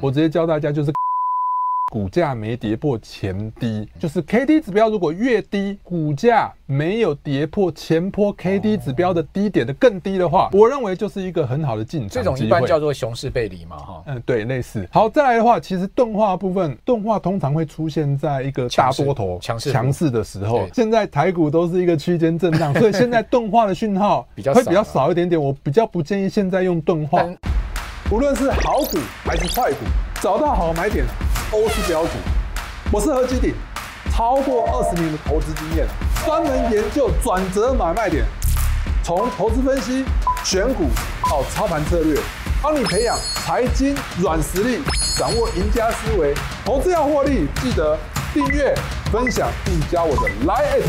我直接教大家，就是股價沒跌破前低，嗯、就是 K D 指標如果越低，股價沒有跌破前波 K D 指標的低點的更低的話，哦、我認為就是一個很好的進場。這種一般叫做熊市背離嘛，哈。嗯，對，類似。好，再來的話，其實鈍化部分，鈍化通常會出現在一個大多頭強勢強勢的時候。現在台股都是一個區間震盪，所以現在鈍化的訊號比較會比較少一點點、啊。我比較不建議現在用鈍化。無論是好股還是壞股，找到好買點都是標準。我是何基鼎，超過二十年的投資經驗，專門研究轉折買賣點，從投資分析、選股到操盤策略，幫你培養財經軟實力，掌握贏家思維。投資要獲利，記得訂閱、分享並加我的 LINE@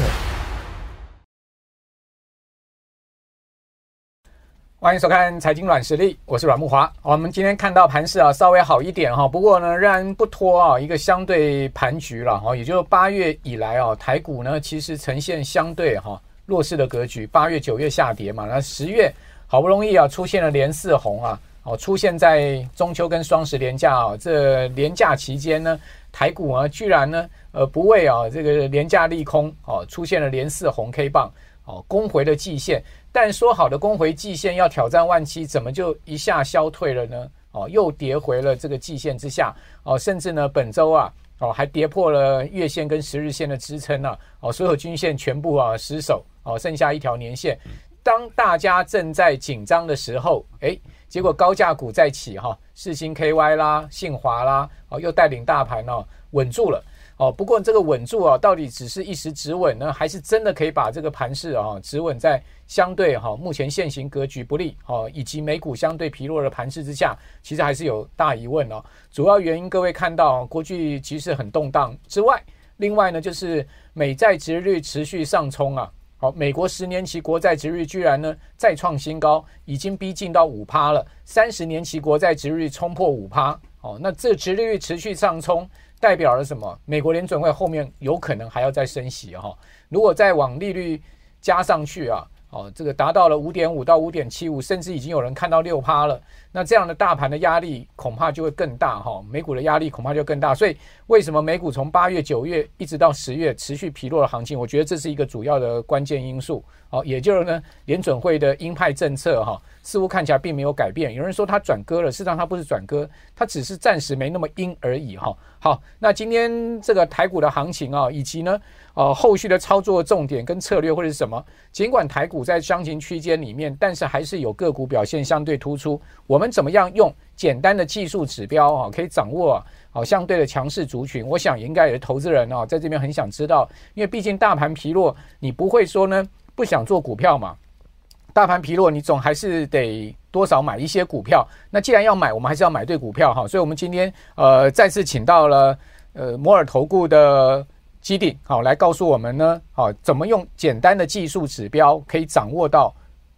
歡迎收看《財經阮實力》，我是阮木華。我們今天看到盤勢啊，稍微好一點哈、啊，不過呢，仍然不脫啊一個相對盤局了哈、啊。也就是八月以來啊，台股呢其實呈現相對哈、啊、弱勢的格局。八月、九月下跌嘛，那十月好不容易啊出現了連四紅啊哦，出現在中秋跟雙十連假啊這連假期間呢，台股啊居然呢呃不畏啊這個連假利空哦、啊，出現了連四紅 K 棒。哦，攻回了季線，但說好的攻回季線要挑戰萬七，怎麼就一下消退了呢？哦，又跌回了這個季線之下。哦，甚至呢，本週啊，哦還跌破了月線跟十日線的支撐呢、啊。哦，所有均線全部啊失守。哦，剩下一條年線。當大家正在緊張的時候，誒，結果高價股再起哈、啊，世芯 KY 啦，信驊啦，哦又帶領大盤哦、啊，穩住了。哦，不過這個穩住啊，到底只是一時止穩呢，還是真的可以把這個盤勢啊止穩在相對哈、啊、目前現行格局不利哈、啊，以及美股相對疲弱的盤勢之下，其實還是有大疑問哦、啊。主要原因各位看到、啊、國際其實很動盪之外，另外呢就是美債殖利率持續上衝啊，好、啊，美國十年期國債殖利率居然呢再創新高，已經逼近到五趴了，三十年期國債殖利率衝破五趴、啊，那這殖利率持續上衝。代表了什麼？美國聯準會後面有可能還要再升息哈，哦，如果再往利率加上去啊，哦，這個達到了五點五到五點七五，甚至已經有人看到六趴了。那這樣的大盤的壓力恐怕就會更大哈、哦，美股的壓力恐怕就更大，所以為什麼美股從八月、九月一直到十月持續疲弱的行情？我覺得這是一個主要的關鍵因素。好，也就是呢，聯準會的鷹派政策哈、啊，似乎看起來並沒有改變。有人說它轉鴿了，事實上它不是轉鴿，它只是暫時沒那麼鷹而已哈、啊。好，那今天這個台股的行情啊，以及呢、呃，後續的操作重點跟策略會是什麼？儘管台股在箱型區間裡面，但是還是有個股表現相對突出。我。我們怎麼樣用簡單的技術指標啊，可以掌握、啊、好相對的強勢族群？我想應該也是投資人啊，在這邊很想知道，因為畢竟大盤疲弱，你不會說呢不想做股票嘛？大盤疲弱，你總還是得多少買一些股票。那既然要買，我們還是要買對股票哈、啊。所以，我們今天呃再次請到了呃摩爾投顧的基地鼎，好來告訴我們呢，好怎麼用簡單的技術指標可以掌握到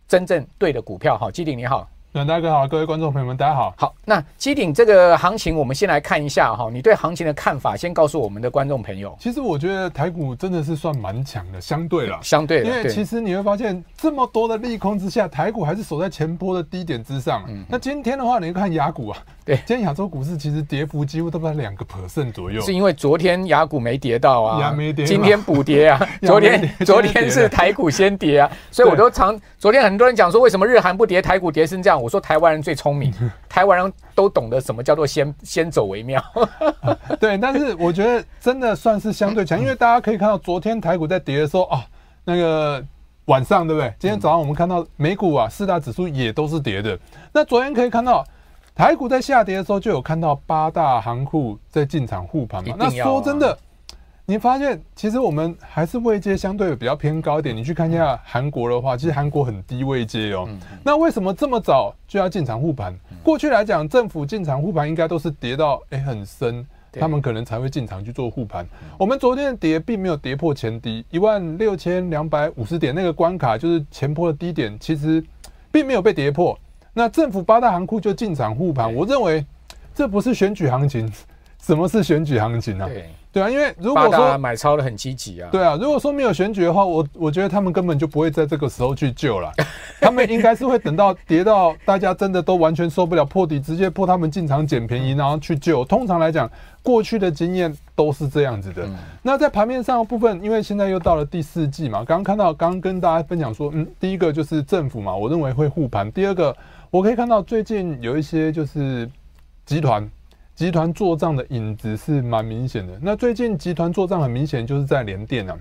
真正對的股票？哈，基鼎你好。阮大哥好，各位觀眾朋友們，大家好好。那基鼎這個行情，我們先來看一下哈，你對行情的看法，先告訴我們的觀眾朋友。其實我覺得台股真的是算蠻強的，相對了，相對的。因為其實你會發現，這麼多的利空之下，台股還是守在前波的低點之上。嗯。那今天的話，你看亞股啊，對，今天亞洲股市其實跌幅幾乎都不到兩個 percent 左右，是因為昨天亞股沒跌到啊，今天補跌啊。昨天昨天是台股先跌啊，所以我都常昨天很多人講說，為什麼日韓不跌，台股跌成這樣？我說台灣人最聰明，台灣人都懂得什麼叫做先先走為妙 、啊。對，但是我覺得真的算是相對強，因為大家可以看到，昨天台股在跌的時候啊，那個晚上對不對？今天早上我們看到美股啊，四大指數也都是跌的。那昨天可以看到台股在下跌的時候，就有看到八大行庫在進場護盤嘛。那說真的。你發現其實我們還是位階相對比較偏高一點。你去看一下韓國的話，其實韓國很低位階哦。那為什麼這麼早就要進場護盤？過去來講，政府進場護盤應該都是跌到誒很深，他們可能才會進場去做護盤。我們昨天的跌並沒有跌破前低一萬六千兩百五十點那個關卡，就是前波的低點，其實並沒有被跌破。那政府八大行庫就進場護盤，我認為這不是選舉行情，什麼是選舉行情啊？對啊，因為如果說買超了很積極啊，對啊，如果說沒有選舉的話，我我覺得他們根本就不會在這個時候去救了，他們應該是會等到跌到大家真的都完全受不了破底，直接破他們進場撿便宜，然後去救。通常來講，過去的經驗都是這樣子的。那在盤面上的部分，因為現在又到了第四季嘛，剛剛看到，剛剛跟大家分享說，嗯，第一個就是政府嘛，我認為會護盤；第二個，我可以看到最近有一些就是集團。集團做賬的影子是蠻明顯的。那最近集團做賬很明顯就是在聯電啊。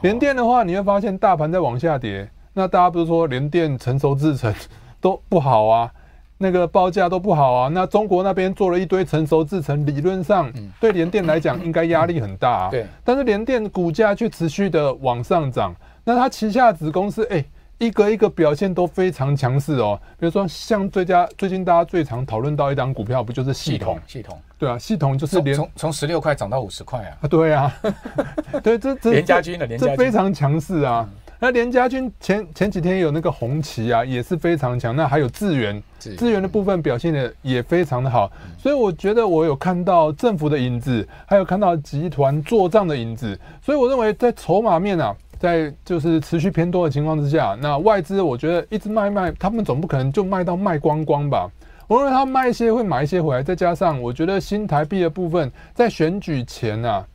聯電的話，你會發現大盤在往下跌。那大家不是說聯電成熟制程都不好啊，那個報價都不好啊。那中國那邊做了一堆成熟制程，理論上對聯電來講應該壓力很大啊。對。但是聯電股價卻持續的往上漲。那它旗下子公司哎。欸一個一個表現都非常強勢哦，比如說像最近最近大家最常討論到一檔股票，不就是系統？系統,系統對啊，系統就是從從十六塊漲到五十塊啊。對啊， 對這這連家軍的連家軍，這非常強勢啊、嗯。那連家軍前前幾天有那個紅旗啊，也是非常強。那還有資源，資源的部分表現的也非常的好、嗯。所以我覺得我有看到政府的影子，還有看到集團做賬的影子。所以我認為在籌碼面啊。在就是持續偏多的情況之下，那外資我覺得一直賣一賣，他們總不可能就賣到賣光光吧？我認為他賣一些會買一些回來，再加上我覺得新台幣的部分，在選舉前啊，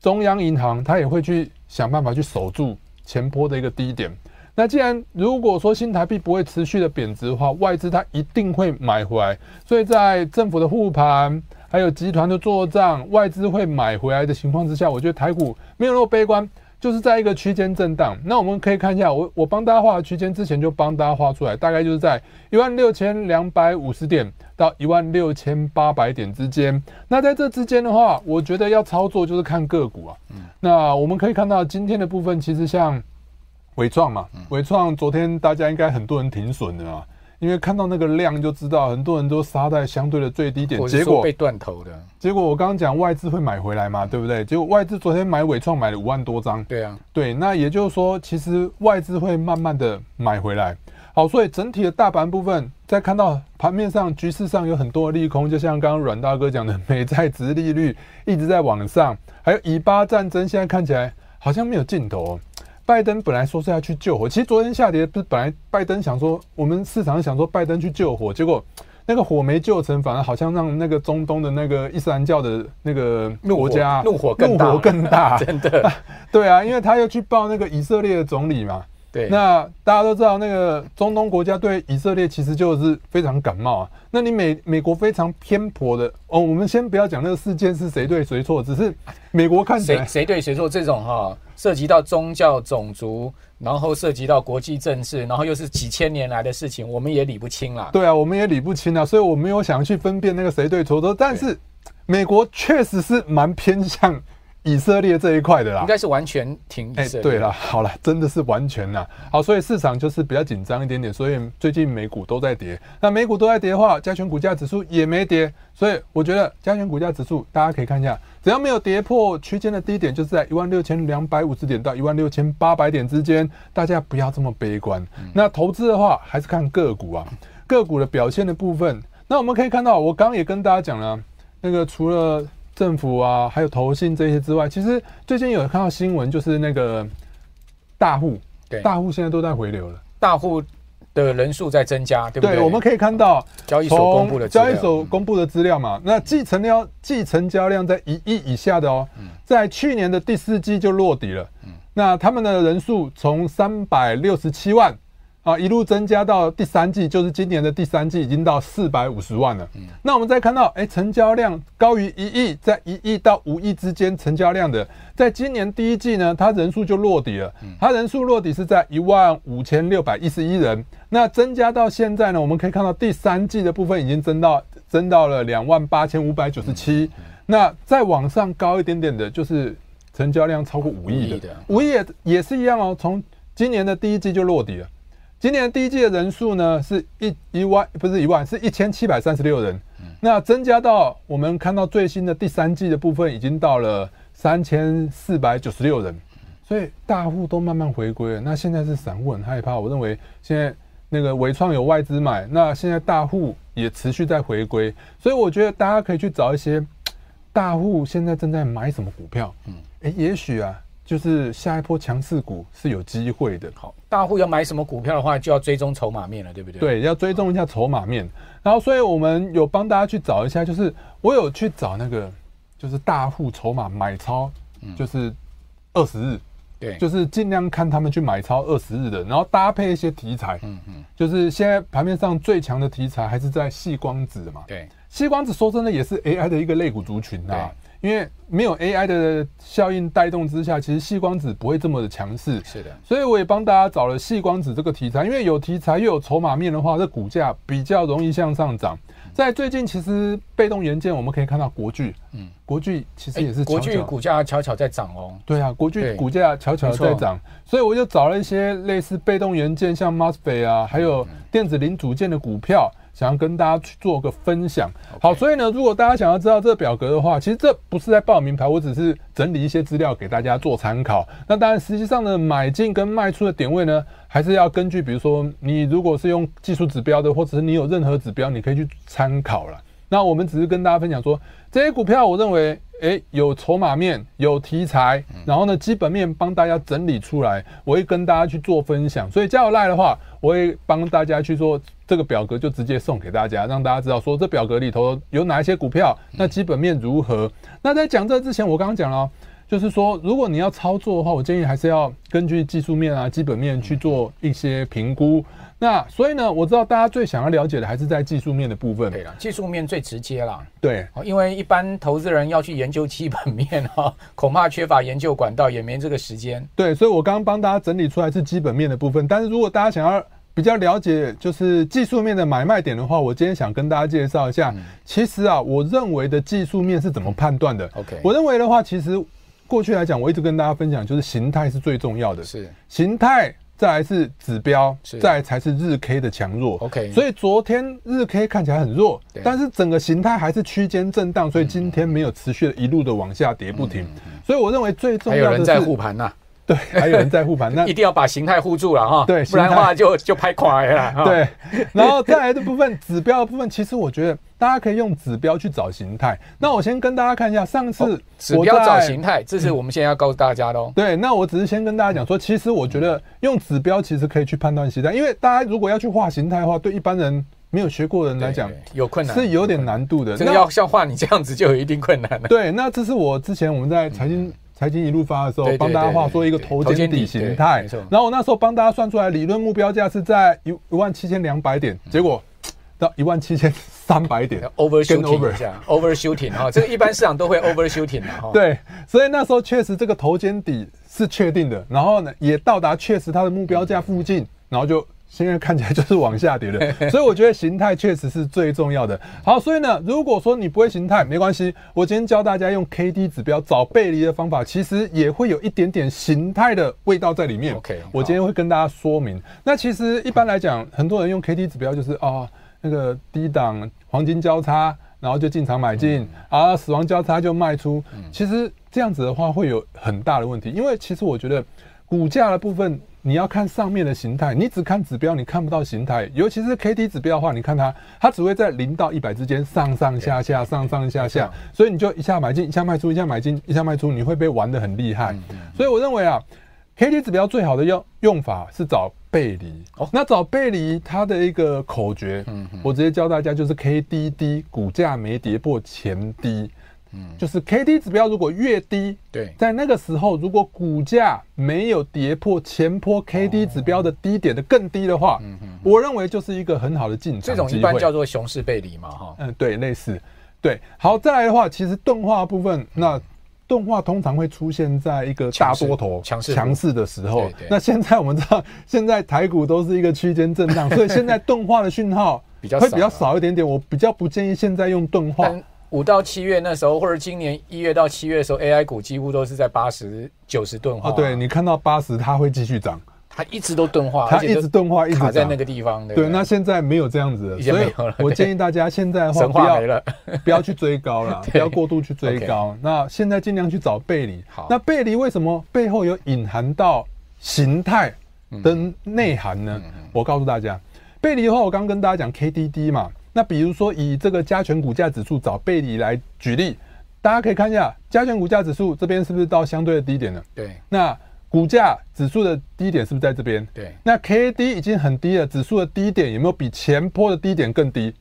中央銀行他也會去想辦法去守住前波的一個低點。那既然如果說新台幣不會持續的貶值的話，外資他一定會買回來。所以在政府的護盤，還有集團的做賬，外資會買回來的情況之下，我覺得台股沒有那麼悲觀。就是在一個區間震盪，那我們可以看一下，我我幫大家畫的區間之前就幫大家畫出來，大概就是在一萬六千兩百五十點到一萬六千八百點之間。那在這之間的話，我覺得要操作就是看個股啊。嗯，那我們可以看到今天的部分，其實像緯創嘛，緯創昨天大家應該很多人停損的啊。因為看到那個量就知道，很多人都殺在相對的最低點，結果被斷頭的。結果我剛剛講外資會買回來嘛，對不對？結果外資昨天買緯創買了五萬多張。對啊，對，那也就是說，其實外資會慢慢的買回來。好，所以整體的大盤部分，在看到盤面上局勢上有很多的利空，就像剛剛阮大哥講的，美債殖利率一直在往上，還有以巴戰爭，現在看起來好像沒有盡頭哦。拜登本來說是要去救火，其實昨天下跌不是本來拜登想說，我們市場想說拜登去救火，結果那個火沒救成，反而好像讓那個中東的那個伊斯蘭教的那個國家怒火，怒火更大，怒火更大， 真的啊，對啊，因為他又去報那個以色列的總理嘛。對，那大家都知道，那個中東國家對以色列其實就是非常感冒啊。那你美美國非常偏頗的哦。我們先不要講那個事件是誰對誰錯，只是美國看誰誰對誰錯這種哈，涉及到宗教、種族，然後涉及到國際政治，然後又是幾千年來的事情，我們也理不清啦。對啊，我們也理不清啊，所以我沒有想去分辨那個誰對誰錯。但是美國確實是蠻偏向。以色列這一塊的啦，應該是完全停止、欸、對啦，好啦，真的是完全啦。好，所以市場就是比較緊張一點點，所以最近美股都在跌。那美股都在跌的話，加權股價指數也沒跌，所以我覺得加權股價指數大家可以看一下，只要沒有跌破區間的低點，就是在一萬六千兩百五十點到一萬六千八百點之間，大家不要這麼悲觀。嗯、那投資的話，還是看個股啊，個股的表現的部分。那我們可以看到，我剛剛也跟大家講了，那個除了。政府啊，還有投信這些之外，其實最近有看到新聞，就是那個大戶，對，大戶現在都在回流了，大戶的人數在增加，對不對？對，我們可以看到、啊、交易所公布的資料交易所公布的資料嘛，嗯、那計成交計成交量在一億以下的哦、嗯，在去年的第四季就落底了，嗯，那他們的人數從三百六十七萬。啊，一路增加到第三季，就是今年的第三季，已經到四百五十萬了。嗯，那我們再看到，誒，成交量高於一億，在一億到五億之間成交量的，在今年第一季呢，它人數就落底了。嗯、它人數落底是在一萬五千六百一十一人。那增加到現在呢，我們可以看到第三季的部分已經增到增到了兩萬八千五百九十七。那再往上高一點點的，就是成交量超過五億的，五、嗯嗯、億也、嗯、也是一樣哦。從今年的第一季就落底了。今年第一季的人數呢，是一一萬，不是一萬，是一千七百三十六人。那增加到我們看到最新的第三季的部分，已經到了三千四百九十六人。所以大戶都慢慢回歸了。那現在是散戶很害怕。我認為現在那個微創有外資買，那現在大戶也持續在回歸。所以我覺得大家可以去找一些大戶現在正在買什麼股票。嗯，誒，也許啊。就是下一波強勢股是有機會的，好，大戶要買什麼股票的話，就要追蹤籌碼面了，對不對？對，要追蹤一下籌碼面，然後所以我們有幫大家去找一下，就是我有去找那個，就是大戶籌碼買超，嗯、就是二十日，對，就是盡量看他們去買超二十日的，然後搭配一些題材，嗯嗯，就是現在盤面上最強的題材還是在矽光子嘛，對，矽光子說真的也是 AI 的一個類股族群吶、啊。因為沒有 AI 的效應帶動之下，其實矽光子不會這麼的強勢。是的，所以我也幫大家找了矽光子這個題材，因為有題材又有籌碼面的話，這股價比較容易向上漲。在最近，其實被動元件我們可以看到國巨，嗯，國巨其實也是巧巧、欸、國巨股價悄悄在漲哦。對啊，國巨股價悄悄在漲，所以我就找了一些類似被動元件，像 MOSFET 啊，還有電子零組件的股票。嗯嗯想要跟大家去做個分享，好，所以呢，如果大家想要知道這個表格的話，其實這不是在報名牌，我只是整理一些資料給大家做參考。那當然，實際上呢，買進跟賣出的點位呢，還是要根據，比如說你如果是用技術指標的，或者是你有任何指標，你可以去參考了。那我們只是跟大家分享說，這些股票我認為、欸，誒有籌碼面，有題材，然後呢，基本面幫大家整理出來，我會跟大家去做分享。所以加我賴的話，我會幫大家去說。這個表格就直接送給大家，讓大家知道說這表格裡頭有哪一些股票，那基本面如何？嗯、那在講這之前，我剛剛講了，就是說如果你要操作的話，我建議還是要根據技術面啊、基本面去做一些評估。嗯、那所以呢，我知道大家最想要了解的還是在技術面的部分。對啦，技術面最直接啦。對，因為一般投資人要去研究基本面哈、哦，恐怕缺乏研究管道，也沒這個時間。對，所以我剛剛幫大家整理出來是基本面的部分，但是如果大家想要，比較了解，就是技術面的買賣點的話，我今天想跟大家介紹一下、嗯。其實啊，我認為的技術面是怎麼判斷的？OK，我認為的話，其實過去來講，我一直跟大家分享，就是形態是最重要的是形態，再來是指標，再來才是日 K 的強弱。OK，所以昨天日 K 看起來很弱，但是整個形態還是區間震盪，所以今天沒有持續的一路的往下跌不停、嗯嗯嗯嗯。所以我認為最重要的是在護盤吶。對，還有人在護盤，那 一定要把形態護住了哈，對，型態，不然的話就就拍垮了。對，然後再來的部分 指標的部分，其實我覺得大家可以用指標去找形態。 那我先跟大家看一下，上次我，哦，指標找形態，嗯，這是我們現在要告訴大家的哦。對，那我只是先跟大家講說，其實我覺得用指標其實可以去判斷形態，因為大家如果要去畫形態的話，對一般人沒有學過的人來講有困難，是有點難度的。那真的要像畫你這樣子就有一定困難的 對，那這是我之前我們在財經。嗯財經一路發的時候，幫大家畫出一個頭肩底形態。然後我那時候幫大家算出來理論目標價是在一一萬七千兩百點，結果到一萬七千三百點，overshooting，over 哦、overshooting 哈，這個一般市場都會 overshooting 的哈。對，所以那時候確實這個頭肩底是確定的，然後呢也到達確實它的目標價附近，然後就。現在看起來就是往下跌的，所以我覺得形態確實是最重要的。好，所以呢，如果說你不會形態，沒關係，我今天教大家用 K D 指標找背離的方法，其實也會有一點點形態的味道在裡面。OK，我今天會跟大家說明。那其實一般來講，很多人用 K D 指標就是哦，那個低檔黃金交叉，然後就進場買進，啊，死亡交叉就賣出。其實這樣子的話會有很大的問題，因為其實我覺得股價的部分。你要看上面的形態，你只看指標，你看不到形態。尤其是 K D 指標的話，你看它，它只會在零到一百之間上上下下，Okay. 上上下下。Okay. 所以你就一下買進，一下賣出，一下買進，一下賣出，你會被玩得很厲害。嗯嗯嗯。所以我認為啊，K D 指標最好的用用法是找背離。Oh. 那找背離它的一個口訣，嗯嗯嗯，我直接教大家就是 K D D 股價沒跌破前低。就是 K D 指標如果越低，對，在那個時候如果股價沒有跌破前波 K D 指標的低點的更低的話，哦、嗯，嗯，嗯我認為就是一個很好的進場。這種一般叫做熊市背離嘛，哈。嗯，對，類似，對。好，再來的話，其實鈍化部分，嗯、那鈍化通常會出現在一個大多頭強勢強勢的時候。那現在我們知道，現在台股都是一個區間震盪，所以現在鈍化的訊號會比較少一點點、啊。我比較不建議現在用鈍化。五到七月那時候，或者今年一月到七月的時候，AI 股幾乎都是在八十九十鈍化。哦、對你看到八十，它會繼續漲，它一直都鈍化，它一直鈍化，一直在那個地方，個地方，個地方對對。對，那現在沒有這樣子了沒有了，所以，我建議大家現在的話，話不，要不要去追高了， 不要過度去追高。Okay. 那現在盡量去找背離。好，那背離為什麼背後有隱含到形態跟內涵呢？嗯嗯嗯、我告訴大家，背離的話，我剛跟大家講 KDD 嘛。那比如說，以這個加權股價指數找背離來舉例，大家可以看一下加權股價指數這邊是不是到相對的低點了？對。那股價指數的低點是不是在這邊？對。那 K D 已經很低了，指數的低點有沒有比前波的低點更低？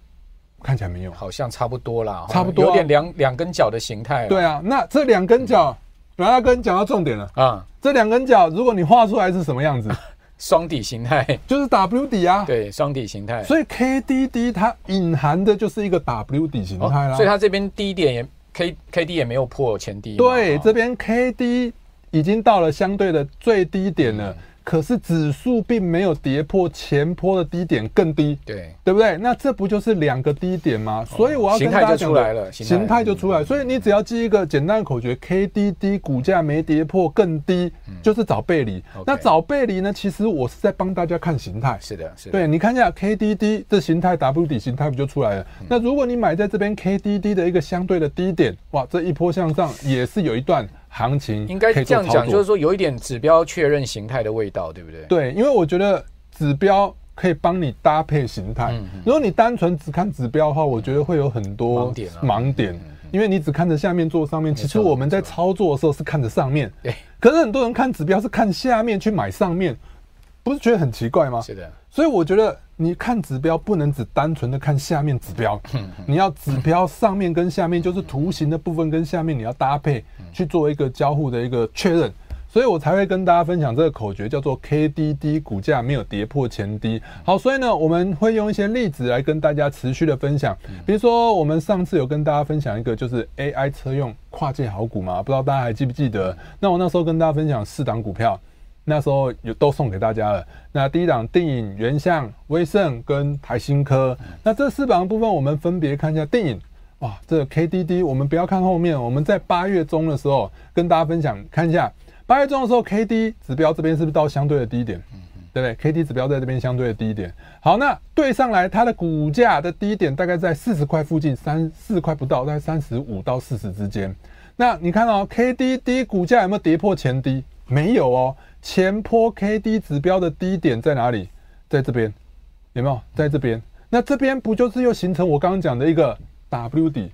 看起來沒有，好像差不多啦。差不多、啊。有點兩兩根腳的形態。對啊，那這兩根腳，然後、嗯、要跟你講到重點了啊、嗯。這兩根腳，如果你畫出來是什麼樣子？ 雙底形態就是 W 底啊，對，雙底形態，所以 K D D 它隱含的就是一個 W 底形態啦，哦，所以它這邊低點也 K K D 也沒有破前低，對，這邊 K D 已經到了相對的最低點了。嗯。可是指數並沒有跌破前波的低點更低，對對不對？那這不就是兩個低點嗎？哦、所以我要跟大家講形態就出來了，形態就出來。出來嗯、所以你只要記一個簡單的口訣、嗯、，K D D 股價沒跌破更低，嗯、就是找背離、嗯 okay。那找背離呢？其實我是在幫大家看形態。是的，是的對。你看一下 K D D 的形態，W 底形態不就出來了、嗯？那如果你買在這邊 K D D 的一個相對的低點，哇，這一波向上也是有一段。 行情應該這樣講，就是說有一點指標確認形態的味道，對不對？對，因為我覺得指標可以幫你搭配形態。如果你單純只看指標的話，我覺得會有很多盲點，因為你只看着下面做上面。其實我們在操作的時候是看着上面，可是很多人看指標是看下面去買上面，不是覺得很奇怪嗎？是的。所以我覺得。你看指標不能只單純的看下面指標，你要指標上面跟下面就是圖形的部分跟下面，你要搭配去做一個交互的一個確認，所以我才會跟大家分享這個口訣叫做 K D D 股價沒有跌破前低。好，所以呢，我們會用一些例子來跟大家持續的分享，比如說我們上次有跟大家分享一個就是 A I 車用跨界好股嘛，不知道大家還記不記得？那我那時候跟大家分享四檔股票。那時候有都送給大家了。那第一檔定穎、原相、威盛跟台新科，嗯、那這四檔的部分我們分別看一下定穎。哇，這個、KDD 我們不要看後面，我們在八月中的時候跟大家分享看一下，八月中的時候 KD 指標這邊是不是到相對的低點？嗯、對不對？KD 指標在這邊相對的低一點。好，那對上來它的股價的低點大概在四十塊附近，三四塊不到，在三十五到四十之間。那你看哦，KDD 股價有沒有跌破前低？沒有哦。前波 K D 指標的低點在哪裡？在這邊，有沒有？在這邊。那這邊不就是又形成我剛剛講的一個 W 底？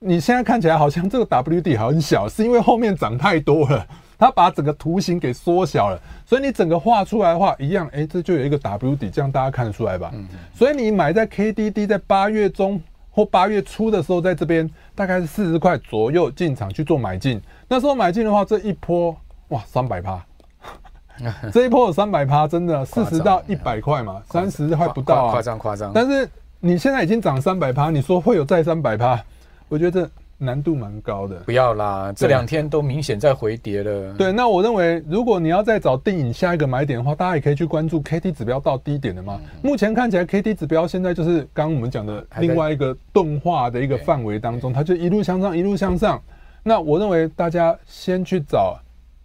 你現在看起來好像這個 W 底很小，是因為後面漲太多了，它把整個圖形給縮小了。所以你整個畫出來的話，一樣，哎，這就有一個 W 底，這樣大家看得出來吧？所以你買在 K D D 在八月中或八月初的時候，在這邊大概是四十塊左右進場去做買進。那時候買進的話，這一波哇，三百趴。 這一波有三百趴，真的四十到一百塊嘛？三十還不到。誇張誇張！但是你現在已經漲三百趴，你說會有再三百趴？我覺得這難度蠻高的。不要啦，這兩天都明顯在回跌了對、嗯。對，那我認為如果你要再找電影下一個買點的話，大家也可以去關注 KD 指標到低點的嘛。目前看起來 KD 指標現在就是剛我們講的另外一個動畫的一個範圍當中，它就一路向上，一路向上。那我認為大家先去找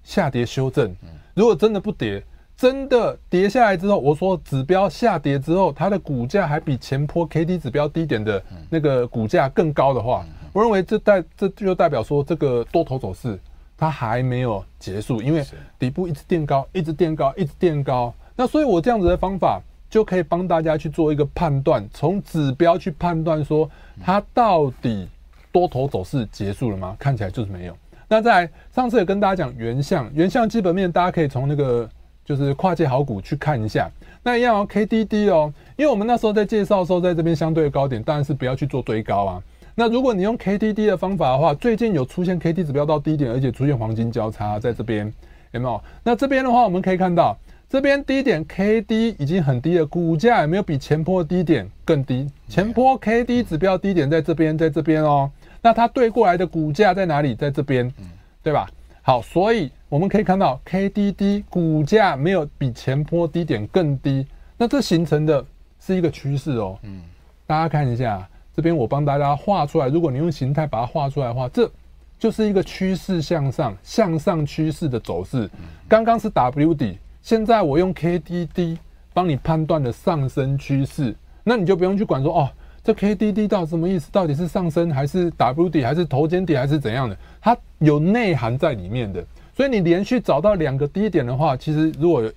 下跌修正，如果真的不跌，真的跌下來之後，我說指標下跌之後，它的股價還比前波 KD 指標低點的那個股價更高的話，我認為這代這就代表說這個多頭走勢它還沒有結束，因為底部一直墊高，一直墊高，一直墊高。那所以我這樣子的方法就可以幫大家去做一個判斷，從指標去判斷說它到底多頭走勢結束了嗎？看起來就是沒有。那在上次也跟大家講，原相、原相基本面，大家可以從那個就是跨界好股去看一下。那一樣哦，KDD 哦，因為我們那時候在介紹的時候，在這邊相對的高點，當然是不要去做堆高啊。那如果你用 KDD 的方法的話，最近有出現 KD 指標到低點，而且出現黃金交叉在這邊，有沒有？那這邊的話，我們可以看到這邊低點 KD 已經很低了，股價也沒有比前坡低點更低。前坡 KD 指標低點在這邊，在這邊哦。那它對過來的股價在哪裡？在這邊，嗯、對吧？好，所以我們可以看到，K D D 股價沒有比前波低點更低。那這形成的是一個趨勢哦，嗯、大家看一下這邊，我幫大家畫出來。如果你用形態把它畫出來的話，這就是一個趨勢向上、向上趨勢的走勢。嗯、嗯、剛剛是 W 底，現在我用 K D D 幫你判斷的上升趨勢，那你就不用去管說哦。這 KDD 到底什麼意思？到底是上升還是 W 底，還是頭肩底，還是怎樣的？它有內涵在裡面的。所以你連續找到兩個低點的話，其實如果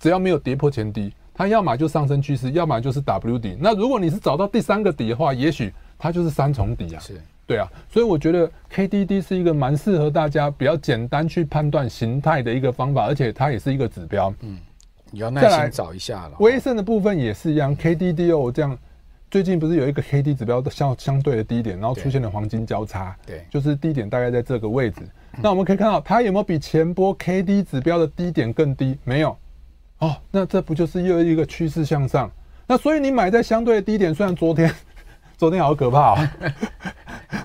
只要沒有跌破前低，它要麼就上升趨勢，要麼就是 W 底。那如果你是找到第三個底的話，也許它就是三重底啊。是，對啊。所以我覺得 KDD 是一個蠻適合大家比較簡單去判斷形態的一個方法，而且它也是一個指標。嗯，你要耐心找一下了。威盛、哦、的部分也是一樣、嗯、，KDDO、哦、這樣。最近不是有一個 K D 指標的相相對的低點，然後出現了黃金交叉，對，就是低點大概在這個位置。那我們可以看到，它有沒有比前波 K D 指標的低點更低？沒有，哦，那這不就是又一個趨勢向上？那所以你買在相對的低點，雖然昨天昨天好可怕，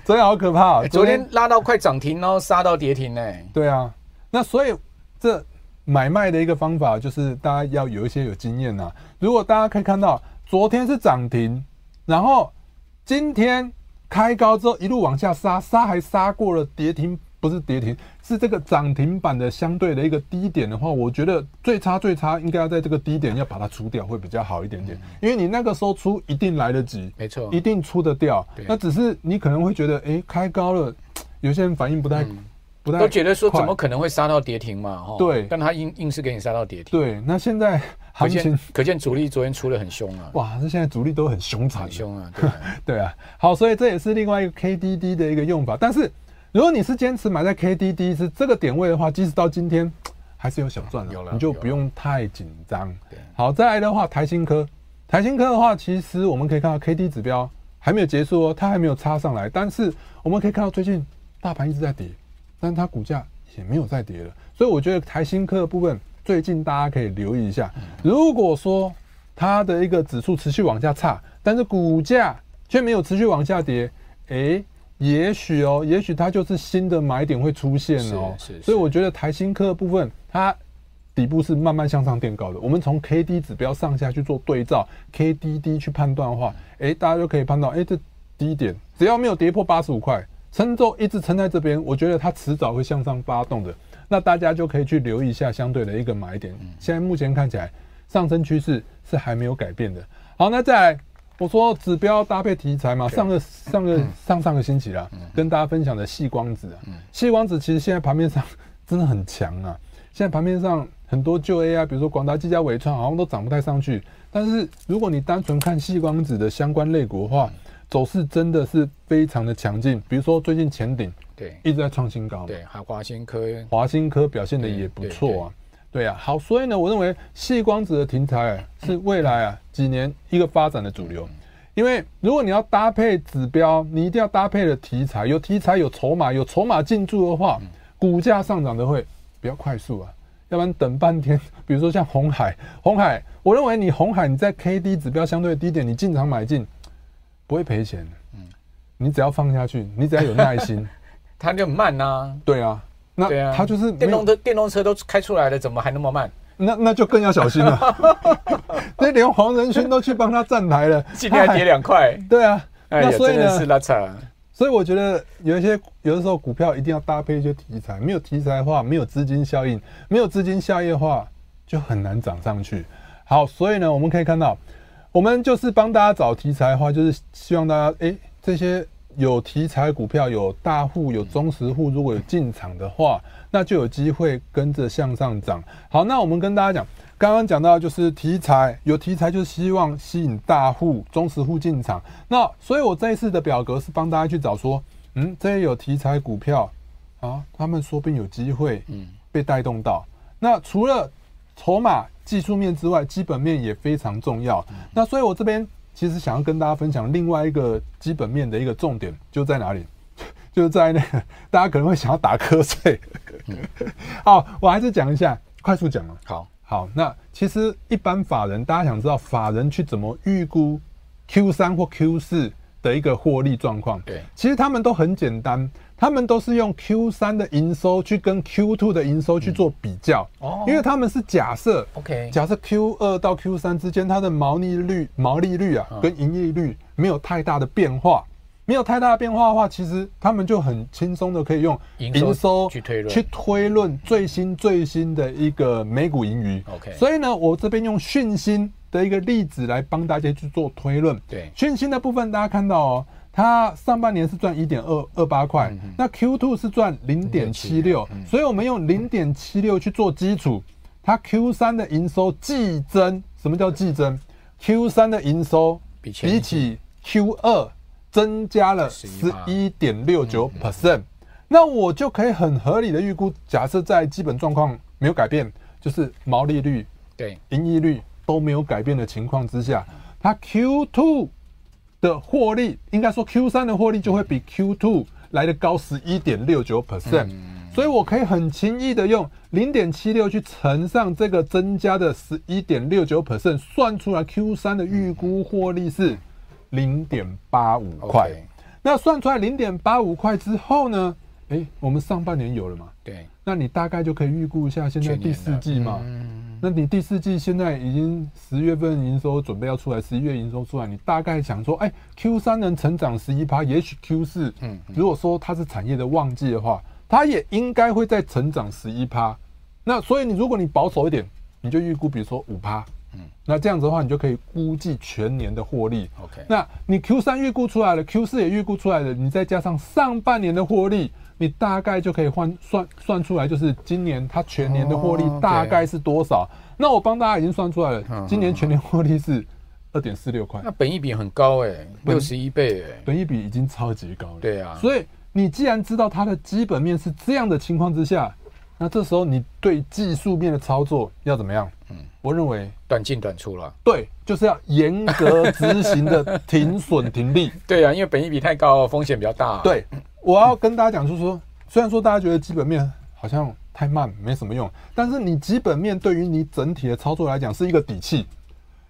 昨天好可怕哦 昨天好可怕哦昨天，昨天拉到快漲停，然後殺到跌停欸？對啊，那所以這買賣的一個方法就是大家要有一些有經驗啊。如果大家可以看到，昨天是漲停。然後今天開高之後一路往下殺，殺還殺過了跌停，不是跌停，是這個漲停板的相對的一個低點的話，我覺得最差最差應該要在這個低點要把它出掉會比較好一點點，嗯、因為你那個時候出一定來得及，沒錯，一定出得掉。那只是你可能會覺得，哎，開高了，有些人反應不太，嗯、不太都覺得說怎麼可能會殺到跌停嘛，哈、哦，對，但他硬硬是給你殺到跌停。對，那現在。可見，可見主力昨天出的很兇啊！哇，這現在主力都很兇殘，很兇啊！對啊， 啊、好，所以這也是另外一個 KDD 的一個用法。但是，如果你是堅持買在 KDD 是這個點位的話，即使到今天還是有小賺的，你就不用太緊張。好，再來的話，台新科，台新科的話，其實我們可以看到 KD 指標還沒有結束哦，它還沒有插上來。但是，我們可以看到最近大盤一直在跌，但是它股價也沒有再跌了，所以我覺得台新科的部分。最近大家可以留意一下，如果說它的一個指數持續往下差，但是股價卻沒有持續往下跌，誒、欸，也許哦，也許它就是新的買點會出現哦。所以我覺得台新科的部分，它底部是慢慢向上墊高的。我們從 K D 指標上下去做對照，K D D 去判斷的話，誒、嗯欸，大家就可以判斷，誒、欸，這低點只要沒有跌破八十五塊，撐住一直撐在這邊，我覺得它遲早會向上發動的。那大家就可以去留意一下相對的一個買點。現在目前看起來，上升趨勢是還沒有改變的。好，那再來，我說指標搭配題材嘛，上個上個上上個星期了，跟大家分享的細光子、啊，細光子其實現在盤面上真的很強啊。現在盤面上很多舊 AI 啊，比如說廣達、技嘉、緯創，好像都漲不太上去。但是如果你單純看細光子的相關類股的話，走勢真的是非常的強勁。比如說最近前頂。對，一直在創新高。對，還有華新科，華新科表現的也不錯啊對對對。對啊，好，所以呢，我認為矽光子的題材、欸、是未來啊、嗯、幾年一個發展的主流、嗯。因為如果你要搭配指標，你一定要搭配的題材，有題材有籌碼，有籌碼進駐的話，嗯、股價上漲的會比較快速啊。要不然等半天，比如說像鴻海，鴻海，我認為你鴻海你在 KD 指標相對的低點你經常買進，你進場買進不會賠錢。嗯，你只要放下去，你只要有耐心。 它就慢吶、啊，對啊，那它就是電動車，電動車都開出來了，怎麼還那麼慢？那那就更要小心了。 那 連黃仁勳都去幫他站台了， 今天還跌兩塊。對啊，啊哎、那所以呢，所以我覺得有一些有的時候股票一定要搭配一些題材，沒有題材的話，沒有資金效應，沒有資金效應的話，就很難漲上去。好，所以呢，我們可以看到，我們就是幫大家找題材的話，就是希望大家哎、欸、這些。有題材股票，有大戶，有中實戶，如果有進場的話，那就有機會跟着向上漲。好，那我們跟大家講，剛剛講到就是題材，有題材就是希望吸引大戶、中實戶進場。那所以，我這一次的表格是幫大家去找，說，嗯，這些有題材股票啊，他們說不定有機會，嗯，被帶動到。那除了籌碼、技術面之外，基本面也非常重要。那所以我這邊。其實想要跟大家分享另外一個基本面的一個重點就在哪裡， 就在那個大家可能會想要打瞌睡。 好，我還是講一下，快速講啊。好，好，那其實一般法人，大家想知道法人去怎麼預估 Q3 或 Q4 的一個獲利狀況。對，其實他們都很簡單。他們都是用 Q 三的營收去跟 Q 2的營收去做比較，哦，因為他們是假設，OK，假設 Q 二到 Q 三之間它的毛利率、毛利率啊跟盈利率沒有太大的變化，沒有太大的變化的話，其實他們就很輕鬆的可以用營收去推去推論最新最新的一個每股盈餘，OK。所以呢，我這邊用訊芯的一個例子來幫大家去做推論，對，訊芯的部分大家看到哦。它上半年是賺一點二二八塊，那 q Two 是賺零點七六，所以我們用零點七六去做基礎，嗯，它 q 三的營收季增，什麼叫季增？q 三的營收比起 q 二增加了十一點六九 percent，那我就可以很合理的預估，假設在基本狀況沒有改變，就是毛利率、對，盈利率都沒有改變的情況之下，它 q Two。的獲利應該說 Q 三的獲利就會比 Q two 來的高十一點六九 percent，所以我可以很輕易的用零點七六去乘上這個增加的十一點六九 percent，算出來 Q 三的預估獲利是零點八五塊。Okay. 那算出來零點八五塊之後呢，欸，我們上半年有了嘛？對，那你大概就可以預估一下現在第四季嘛。那你第四季現在已經十月份營收準備要出來，十一月營收出來，你大概想說，哎，Q 三能成長十一趴，也許 Q 四，如果說它是產業的旺季的話，它也應該會再成長十一趴。那所以你如果你保守一點，你就預估，比如說五趴，嗯，那這樣子的話，你就可以估計全年的獲利。OK，那你 Q 三預估出來了，Q 四也預估出來了，你再加上上半年的獲利。你大概就可以換算算，算出來，就是今年它全年的獲利大概是多少，哦啊？那我幫大家已經算出來了，嗯、今年全年獲利是二點四六塊。那本益比很高哎、欸，六十一倍哎、欸，本益比已經超級高了。對啊，所以你既然知道它的基本面是這樣的情況之下，那這時候你對技術面的操作要怎麼樣？嗯，我認為短進短出了。對，就是要嚴格執行的停損停利。 對啊，因為本益比太高，風險比較大，啊。對。我要跟大家講，就是說，雖然說大家覺得基本面好像太慢，沒什麼用，但是你基本面對於你整體的操作來講是一個底氣。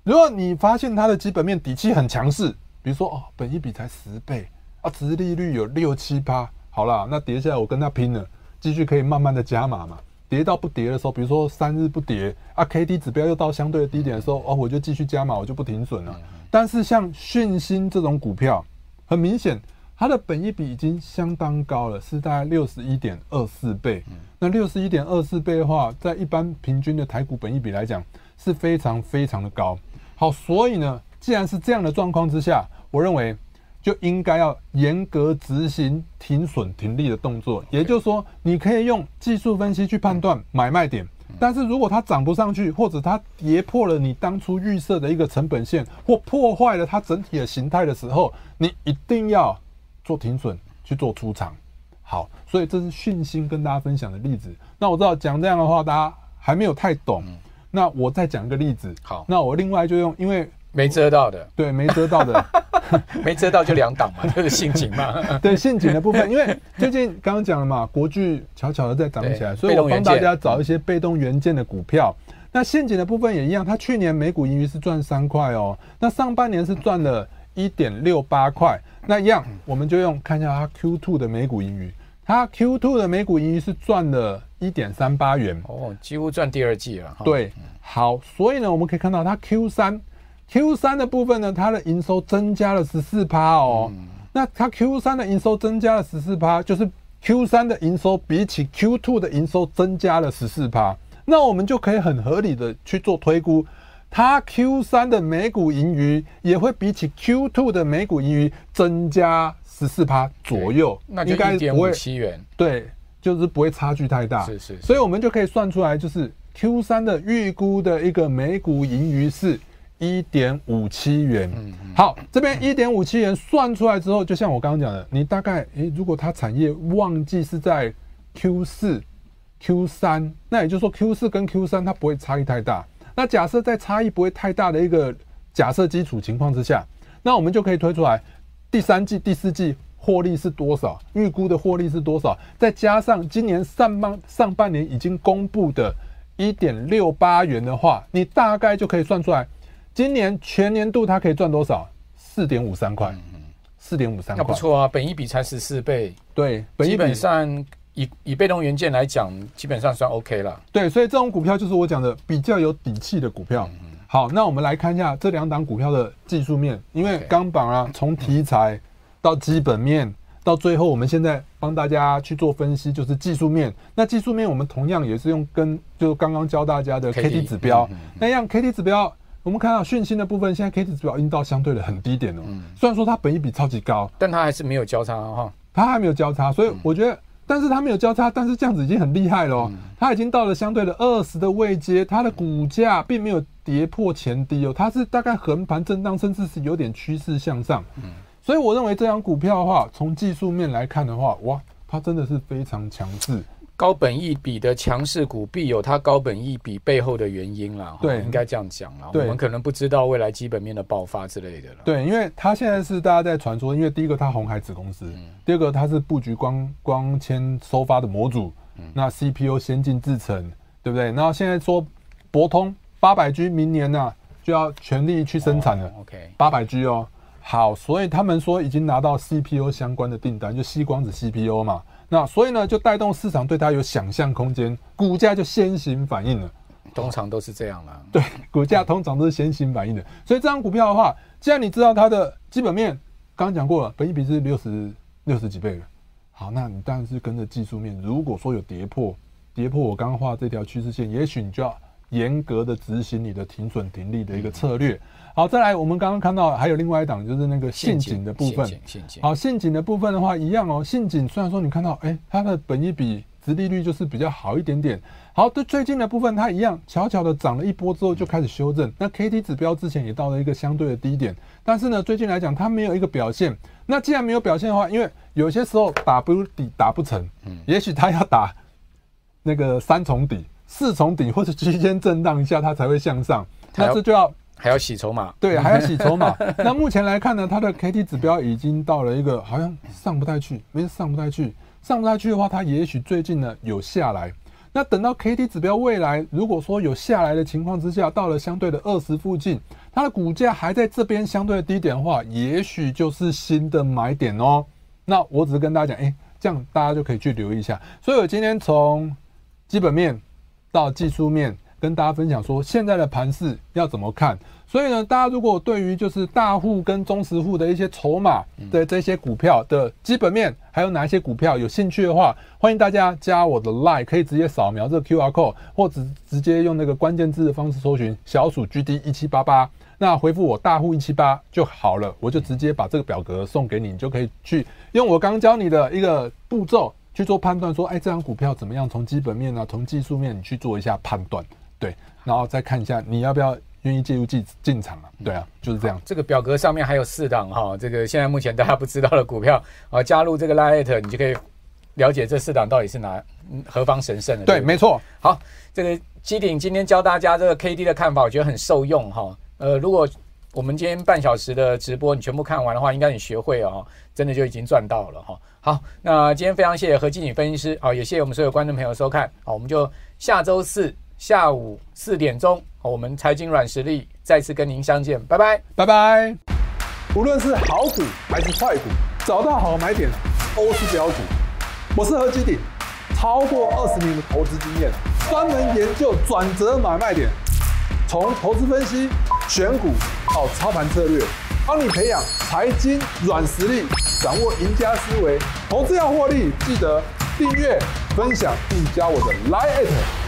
如果你發現它的基本面底氣很強勢，比如說哦，本益比才十倍啊，殖利率有六七八，好啦，那跌下來我跟他拼了，繼續可以慢慢的加碼嘛。跌到不跌的時候，比如說三日不跌啊，K D 指標又到相對的低點的時候，嗯、哦，我就繼續加碼，我就不停損了、啊嗯嗯。但是像訊芯這種股票，很明顯。它的本益比已經相當高了，是大概六十一點二四倍。那六十一點二四倍的話，在一般平均的台股本益比來講是非常非常的高。好，所以呢，既然是這樣的狀況之下，我認為就應該要嚴格執行停損停利的動作。Okay. 也就是說，你可以用技術分析去判斷買賣點，嗯，但是如果它漲不上去，或者它跌破了你當初預設的一個成本線，或破壞了它整體的形態的時候，你一定要。做停損去做出場，好，所以這是訊息跟大家分享的例子。那我知道講這樣的話，大家還沒有太懂。嗯、那我再講一個例子，好，那我另外就用，因為沒遮到的，對，沒遮到的， 沒遮到就兩檔嘛， 就是陷阱嘛。 對陷阱的部分，因為最近剛剛講了嘛， 國巨悄悄的在漲起來，所以我幫大家找一些被動元件的股票。嗯、那陷阱的部分也一樣，它去年每股盈餘是賺三塊哦，那上半年是賺了一點六八塊。那一樣我們就用看一下它 Q2 的每股盈餘，它 Q2 的每股盈餘是賺了一點三八元哦，幾乎賺第二季了。對，嗯、好，所以呢，我們可以看到它 Q3，Q3 Q3 的部分呢，它的營收增加了十四趴哦、嗯。那它 Q3 的營收增加了十四趴，就是 Q3 的營收比起 Q2 的營收增加了十四趴，那我們就可以很合理的去做推估，它 Q 三的每股盈餘也會比起 Q two 的每股盈餘增加十四趴左右，那應該不會七元，對，就是不會差距太大，是是，所以我們就可以算出來，就是 Q 三的預估的一個每股盈餘是一點五七元。好，這邊一點五七元算出來之後，就像我剛剛講的，你大概誒，如果它產業旺季是在 Q 四、Q 三，那也就是說 Q 四跟 Q 三它不會差異太大。那假設在差異不會太大的一個假設基礎情況之下，那我們就可以推出來，第三季、第四季獲利是多少？預估的獲利是多少？再加上今年上半上半年已經公布的一點六八元的話，你大概就可以算出來，今年全年度它可以賺多少？四點五三塊，四點五三塊，那不錯啊，本益比才十四倍，對，本益比，基本上。以以被動元件來講，基本上算 OK 了。對，所以這種股票就是我講的比較有底氣的股票、嗯。好，那我們來看一下這兩檔股票的技術面，因為鋼板啊，從、okay. 題材到基本面、嗯，到最後我們現在幫大家去做分析，就是技術面。那技術面我們同樣也是用跟就剛剛教大家的 K T 指標 KD,、嗯、那樣 K T 指標，我們看到訊息的部分，現在 K T 指標印到相對的很低點哦、喔嗯。雖然說它本益比超級高，但它還是沒有交叉、啊、哈。它還沒有交叉，所以我覺得。但是它沒有交叉，但是這樣子已經很厲害了哦、嗯。它已經到了相對的二十的位階，它的股價並沒有跌破前低哦，它是大概橫盤震盪，甚至是有點趨勢向上、嗯。所以我認為這張股票的話，從技術面來看的話，哇，它真的是非常強勢。高本益比的強勢股必有它高本益比背後的原因啦，對，應該這樣講啦。我們可能不知道未來基本面的爆發之類的。對，因為它現在是大家在傳說，因為第一個它紅海子公司，嗯、第二個它是布局光光纖收發的模組，嗯、那 CPO 先進製程，對不對？然後現在說博通八百 G 明年呢、啊、就要全力去生產了、哦、OK，八百 G 哦，好，所以他們說已經拿到 CPO 相關的訂單，就矽光子 CPO 嘛。那所以呢，就帶動市場對它有想象空間，股價就先行反應了。通常都是這樣啦。對，股價通常都是先行反應的。所以這張股票的話，既然你知道它的基本面，剛剛講過了，本益比是六十六十幾倍了。好，那你當然是跟着技術面。如果說有跌破，跌破我剛剛畫這條趨勢線，也許你就要嚴格的執行你的停損停利的一個策略。嗯好，再來，我們剛剛看到還有另外一檔，就是那個陷阱的部分。好，陷阱的部分的話，一樣哦。陷阱雖然說你看到，誒、欸，它的本益比殖利率就是比較好一點點。好，對最近的部分，它一樣，悄悄的漲了一波之後就開始修正。嗯、那 K D 指標之前也到了一個相對的低點，但是呢，最近來講它沒有一個表現。那既然沒有表現的話，因為有些時候打不底打不成，也許它要打那個三重底、四重底，或者區間震盪一下，它才會向上。哎、那這就要。還要洗籌碼，對，還要洗籌碼。 那目前來看呢，它的 KD 指標已經到了一個好像上不太去，沒上不太去，上不太去的話，它也許最近呢有下來。那等到 KD 指標未來如果說有下來的情況之下，到了相對的二十附近，它的股價還在這邊相對的低點的話，也許就是新的買點哦。那我只是跟大家講，哎、欸，這樣大家就可以去留意一下。所以我今天從基本面到技術面。跟大家分享說現在的盤勢要怎麼看？所以呢，大家如果對於就是大戶跟中實戶的一些籌碼的這些股票的基本面，還有哪一些股票有興趣的話，歡迎大家加我的 Line，可以直接掃描這個 QR code，或者直接用那個關鍵字的方式搜尋小鼠 GD 一七八八，那回復我大戶一七八就好了，我就直接把這個表格送給你，你就可以去用我剛教你的一個步驟去做判斷，說哎，這張股票怎麼樣？從基本面呢，從技術面你去做一下判斷。對，然後再看一下你要不要願意介入進進場了，啊？對啊，就是這樣。這個表格上面還有四檔哈、哦，這個現在目前大家不知道的股票啊、哦，加入這個 LINE 你就可以了解這四檔到底是哪何方神聖的對，對，對，沒錯。好，這個基鼎今天教大家這個 K D 的看法，我覺得很受用哈、哦。呃，如果我們今天半小時的直播你全部看完的話，應該你學會哦，真的就已經賺到了哈、哦。好，那今天非常謝謝何基鼎分析師，好、哦，也謝謝我們所有觀眾朋友收看，好、哦，我們就下周四，下午四點鐘，我們財經軟實力再次跟您相見，拜拜，拜拜。無論是好股還是壞股，找到好買點都是飆股。我是何基鼎，超過二十年的投資經驗，專門研究轉折買賣點，從投資分析、選股到操盤策略，幫你培養財經軟實力，掌握贏家思維。投資要獲利，記得訂閱、分享，並加我的 Line@。